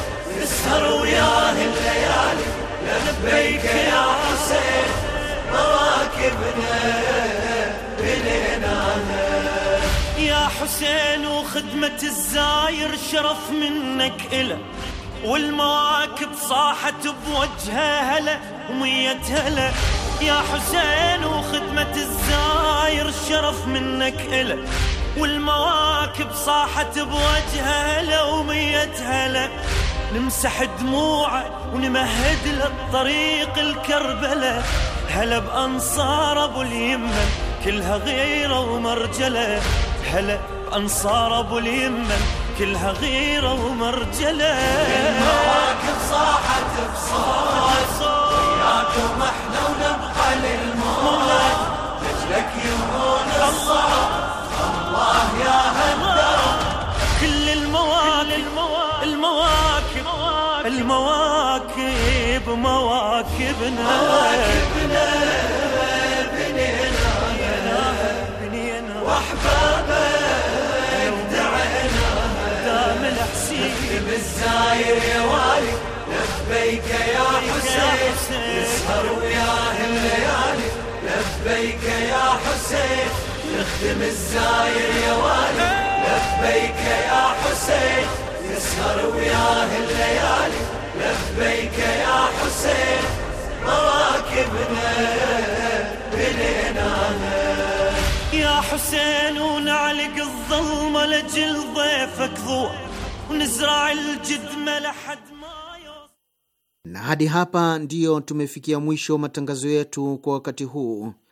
نسهر وياه الليالي لبيك يا حسين مراكبنا بليناها يا حسين وخدمة الزاير شرف منك إله والمواكب صاحت بوجهها هلا ومية هلا يا حسين وخدمة الزاير شرف منك إله والمواكب صاحت بوجهها لو ميتها لك نمسح دموعه ونمهد له الطريق الكربلة هلا بأنصار أبو اليمن كلها غيرة ومرجلة هلا بأنصار أبو اليمن كلها غيرة ومرجلة المواكب صاحت بصوت وياكم احنا ونبقى للموت رجلك يمون الصوت يا هالدرب كل المواكب المواكب المواكب مواكبنا مواكبنا بنينا بنينا واحبابك دعينا دام الحسين بالزاير يا والي لبيك يا حسين نسهر وياه الليالي لبيك يا حسين يخدم الزاير يا والي لبيك يا حسين يسهر وياه الليالي لبيك يا حسين مواكبنا بلينانا يا حسين ونعلق الظلمة لجل ضيفك ضوء ونزرع الجدمة لحد ما Na hadi hapa ndiyo tumefikia mwisho matangazo yetu kwa wakati huu.